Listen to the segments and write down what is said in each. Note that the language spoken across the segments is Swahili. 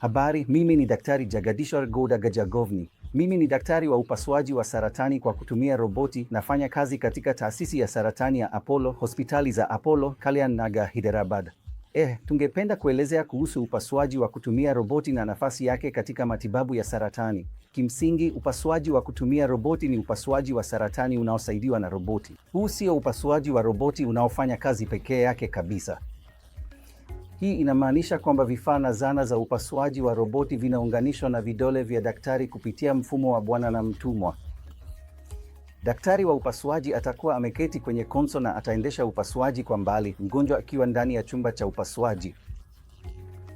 Habari, mimi ni Daktari Jagadishwar Gowda Gajagovni. Mimi ni daktari wa upasuaji wa saratani kwa kutumia roboti. Nafanya kazi katika taasisi ya saratani ya Apollo, hospitali za Apollo, Kalyan Nagar, Hyderabad. Eh, tungependa kuelezea kuhusu upasuaji wa kutumia roboti na nafasi yake katika matibabu ya saratani. Kimsingi, upasuaji wa kutumia roboti ni upasuaji wa saratani unaosaidiwa na roboti. Huu sio upasuaji wa roboti unaofanya kazi pekee yake kabisa. Hii inamaanisha kwamba vifaa na zana za upasuaji wa roboti vinaunganishwa na vidole vya daktari kupitia mfumo wa bwana na mtumwa. Daktari wa upasuaji atakuwa ameketi kwenye konso na ataendesha upasuaji kwa mbali, mgonjwa akiwa ndani ya chumba cha upasuaji.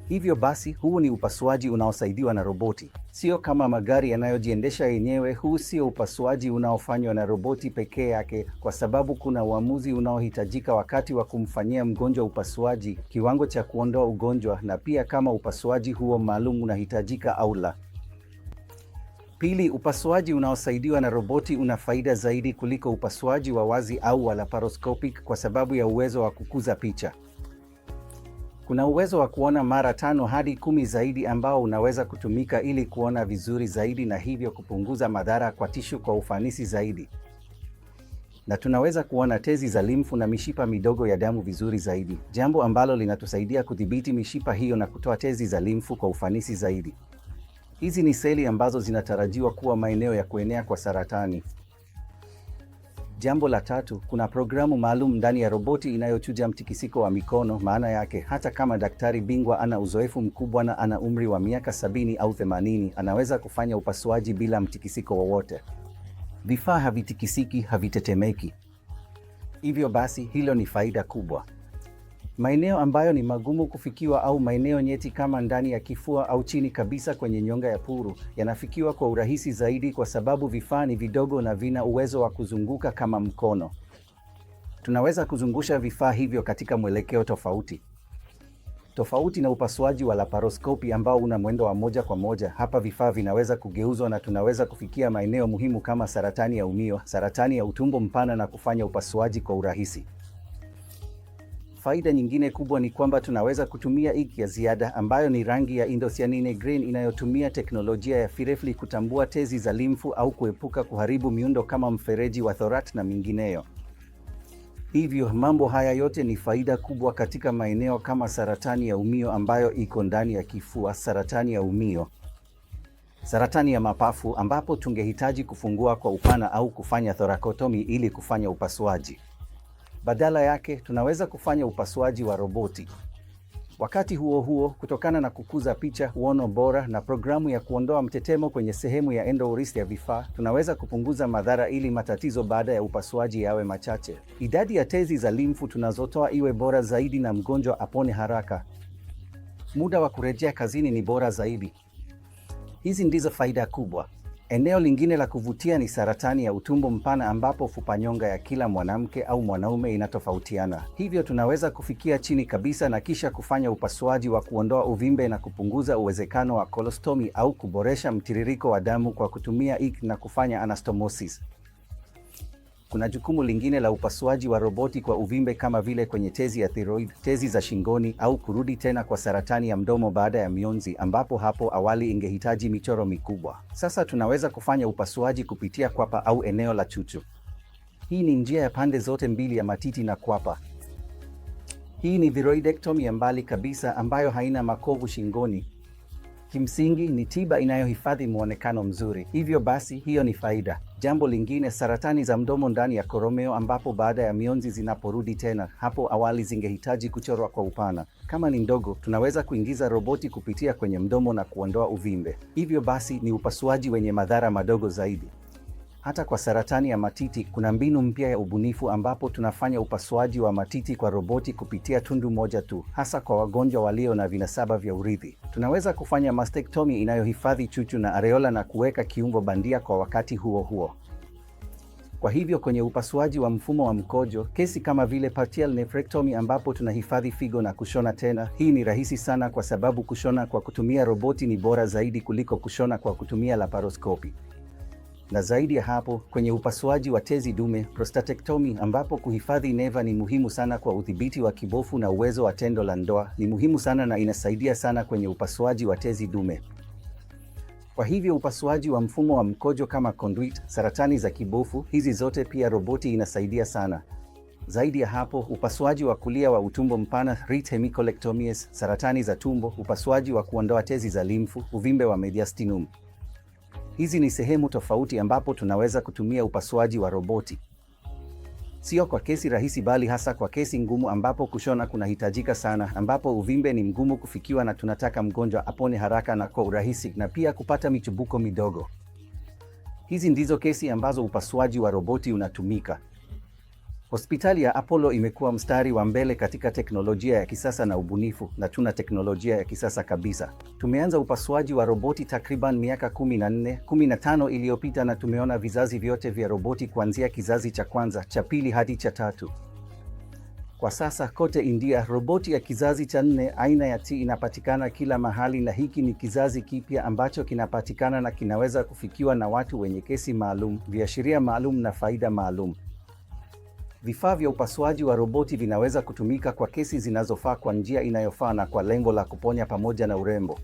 Hivyo basi huu ni upasuaji unaosaidiwa na roboti, sio kama magari yanayojiendesha yenyewe. Huu sio upasuaji unaofanywa na roboti pekee yake, kwa sababu kuna uamuzi unaohitajika wakati wa kumfanyia mgonjwa upasuaji, kiwango cha kuondoa ugonjwa, na pia kama upasuaji huo maalum unahitajika au la. Pili, upasuaji unaosaidiwa na roboti una faida zaidi kuliko upasuaji wa wazi au wa laparoscopic kwa sababu ya uwezo wa kukuza picha. Kuna uwezo wa kuona mara tano hadi kumi zaidi ambao unaweza kutumika ili kuona vizuri zaidi na hivyo kupunguza madhara kwa tishu kwa ufanisi zaidi. Na tunaweza kuona tezi za limfu na mishipa midogo ya damu vizuri zaidi, jambo ambalo linatusaidia kudhibiti mishipa hiyo na kutoa tezi za limfu kwa ufanisi zaidi. Hizi ni seli ambazo zinatarajiwa kuwa maeneo ya kuenea kwa saratani. Jambo la tatu, kuna programu maalum ndani ya roboti inayochuja mtikisiko wa mikono. Maana yake hata kama daktari bingwa ana uzoefu mkubwa na ana umri wa miaka sabini au themanini, anaweza kufanya upasuaji bila mtikisiko wowote. Vifaa havitikisiki, havitetemeki. Hivyo basi, hilo ni faida kubwa. Maeneo ambayo ni magumu kufikiwa au maeneo nyeti kama ndani ya kifua au chini kabisa kwenye nyonga ya puru yanafikiwa kwa urahisi zaidi kwa sababu vifaa ni vidogo na vina uwezo wa kuzunguka kama mkono. Tunaweza kuzungusha vifaa hivyo katika mwelekeo tofauti. Tofauti na upasuaji wa laparoskopi ambao una mwendo wa moja kwa moja, hapa vifaa vinaweza kugeuzwa na tunaweza kufikia maeneo muhimu kama saratani ya umio, saratani ya utumbo mpana na kufanya upasuaji kwa urahisi. Faida nyingine kubwa ni kwamba tunaweza kutumia ink ya ziada ambayo ni rangi ya indocyanine green inayotumia teknolojia ya firefly kutambua tezi za limfu au kuepuka kuharibu miundo kama mfereji wa thorat na mingineyo. Hivyo mambo haya yote ni faida kubwa katika maeneo kama saratani ya umio ambayo iko ndani ya kifua, saratani ya umio, saratani ya mapafu ambapo tungehitaji kufungua kwa upana au kufanya thorakotomi ili kufanya upasuaji. Badala yake tunaweza kufanya upasuaji wa roboti. Wakati huo huo, kutokana na kukuza picha, uono bora na programu ya kuondoa mtetemo kwenye sehemu ya endourisi ya vifaa, tunaweza kupunguza madhara ili matatizo baada ya upasuaji yawe machache, idadi ya tezi za limfu tunazotoa iwe bora zaidi, na mgonjwa apone haraka. Muda wa kurejea kazini ni bora zaidi. Hizi ndizo faida kubwa. Eneo lingine la kuvutia ni saratani ya utumbo mpana ambapo fupanyonga ya kila mwanamke au mwanaume inatofautiana. Hivyo tunaweza kufikia chini kabisa na kisha kufanya upasuaji wa kuondoa uvimbe na kupunguza uwezekano wa kolostomi au kuboresha mtiririko wa damu kwa kutumia ik na kufanya anastomosis. Kuna jukumu lingine la upasuaji wa roboti kwa uvimbe kama vile kwenye tezi ya thyroid, tezi za shingoni au kurudi tena kwa saratani ya mdomo baada ya mionzi, ambapo hapo awali ingehitaji michoro mikubwa. Sasa tunaweza kufanya upasuaji kupitia kwapa au eneo la chuchu. Hii ni njia ya pande zote mbili ya matiti na kwapa. Hii ni thyroidectomy ya mbali kabisa ambayo haina makovu shingoni. Kimsingi ni tiba inayohifadhi muonekano mzuri. Hivyo basi, hiyo ni faida. Jambo lingine, saratani za mdomo ndani ya koromeo ambapo baada ya mionzi zinaporudi tena, hapo awali zingehitaji kuchorwa kwa upana. Kama ni ndogo, tunaweza kuingiza roboti kupitia kwenye mdomo na kuondoa uvimbe. Hivyo basi ni upasuaji wenye madhara madogo zaidi. Hata kwa saratani ya matiti kuna mbinu mpya ya ubunifu ambapo tunafanya upasuaji wa matiti kwa roboti kupitia tundu moja tu, hasa kwa wagonjwa walio na vinasaba vya urithi. Tunaweza kufanya mastektomi inayohifadhi chuchu na areola na kuweka kiungo bandia kwa wakati huo huo. Kwa hivyo kwenye upasuaji wa mfumo wa mkojo, kesi kama vile partial nephrectomy ambapo tunahifadhi figo na kushona tena, hii ni rahisi sana kwa sababu kushona kwa kutumia roboti ni bora zaidi kuliko kushona kwa kutumia laparoskopi na zaidi ya hapo kwenye upasuaji wa tezi dume prostatectomy, ambapo kuhifadhi neva ni muhimu sana kwa udhibiti wa kibofu na uwezo wa tendo la ndoa ni muhimu sana na inasaidia sana kwenye upasuaji wa tezi dume. Kwa hivyo upasuaji wa mfumo wa mkojo kama conduit, saratani za kibofu, hizi zote pia roboti inasaidia sana. Zaidi ya hapo, upasuaji wa kulia wa utumbo mpana right hemicolectomies, saratani za tumbo, upasuaji wa kuondoa tezi za limfu, uvimbe wa mediastinum. Hizi ni sehemu tofauti ambapo tunaweza kutumia upasuaji wa roboti, sio kwa kesi rahisi, bali hasa kwa kesi ngumu ambapo kushona kunahitajika sana, ambapo uvimbe ni mgumu kufikiwa na tunataka mgonjwa apone haraka na kwa urahisi, na pia kupata michubuko midogo. Hizi ndizo kesi ambazo upasuaji wa roboti unatumika. Hospitali ya Apollo imekuwa mstari wa mbele katika teknolojia ya kisasa na ubunifu, na tuna teknolojia ya kisasa kabisa. Tumeanza upasuaji wa roboti takriban miaka 14 15 iliyopita, na tumeona vizazi vyote vya roboti kuanzia kizazi cha kwanza, cha pili hadi cha tatu. Kwa sasa kote India, roboti ya kizazi cha nne aina ya T inapatikana kila mahali, na hiki ni kizazi kipya ambacho kinapatikana na kinaweza kufikiwa na watu wenye kesi maalum, viashiria maalum na faida maalum. Vifaa vya upasuaji wa roboti vinaweza kutumika kwa kesi zinazofaa kwa njia inayofaa na kwa lengo la kuponya pamoja na urembo.